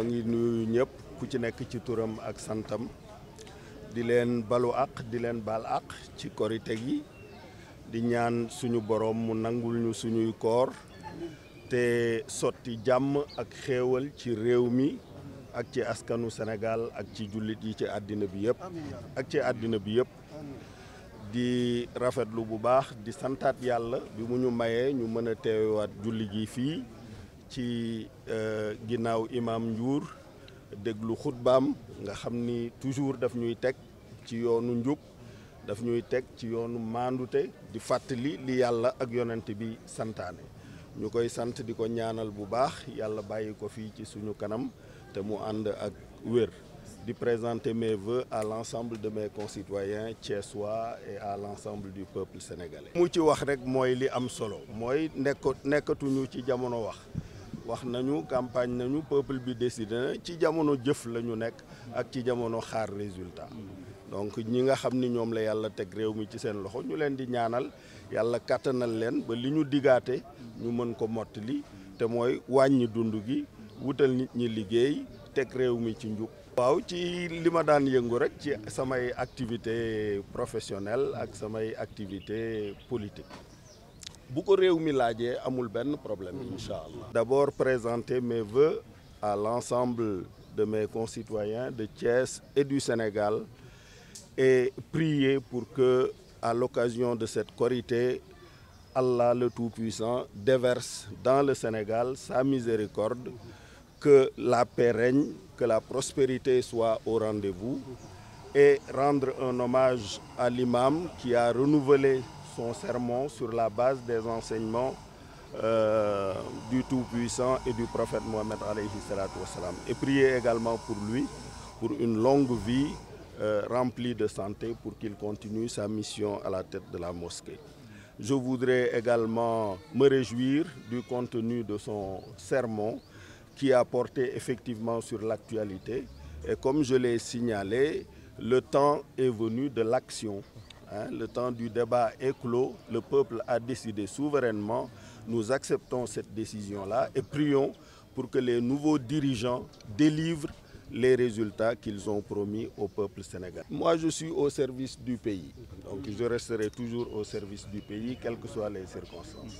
maa ngi nuyu ñëpp ku ci nekk ci turam ak santam di leen balu àq di leen baal àq ci korite gi di ñaan suñu boroom mu nangul ñu suñuy koor te sotti jàmm ak xéewal ci réew mi ak ci askanu Sénégal ak ci jullit yi ci àddina bi yëpp ak ci àddina bi yëpp di rafetlu bu baax di santaat yàlla bi mu ñu mayee ñu mën a teewaat julli gi fii ci euh, ginnaw imam Ndiour déglu khutbam nga xamni toujours daf ñuy tek ci yoonu njub daf ñuy tek ci yoonu mandute di fàttali li yalla ak yonent bi santane ñukoy sante diko ñaanal bu baax yalla bayiko fi ci suñu kanam te mu and ak wër di présenter mes vœux à l'ensemble de mes concitoyens thiessois et à l'ensemble du peuple sénégalais. mu ci wax rek moy li am solo mooy nekk ci jamono wax. wax nañu campagne nañu peuple bi décidé ci jamono jëf la ñu nekk ak ci jamono xaar résultat donc ñi nga xam ni ñoom la yàlla teg réew mi ci seen loxo ñu leen di ñaanal yàlla kattanal leen ba li ñu digaate ñu mën ko mottali te mooy wàññi dund gi wutal nit ñi liggéey teg réew mi ci njub waaw ci li ma daan yëngu rek ci samay activité professionnelle ak samay activité politique Il a problème d'abord présenter mes voeux à l'ensemble de mes concitoyens de Thiès et du Sénégal et prier pour que à l'occasion de cette corité, Allah le Tout-Puissant déverse dans le Sénégal sa miséricorde, que la paix règne, que la prospérité soit au rendez-vous et rendre un hommage à l'imam qui a renouvelé son sermon sur la base des enseignements euh, du Tout-Puissant et du prophète Mohammed et prier également pour lui, pour une longue vie euh, remplie de santé pour qu'il continue sa mission à la tête de la mosquée. Je voudrais également me réjouir du contenu de son sermon qui a porté effectivement sur l'actualité. Et comme je l'ai signalé, le temps est venu de l'action. Hein, le temps du débat est clos, le peuple a décidé souverainement, nous acceptons cette décision-là et prions pour que les nouveaux dirigeants délivrent les résultats qu'ils ont promis au peuple sénégalais. Moi, je suis au service du pays, donc je resterai toujours au service du pays, quelles que soient les circonstances.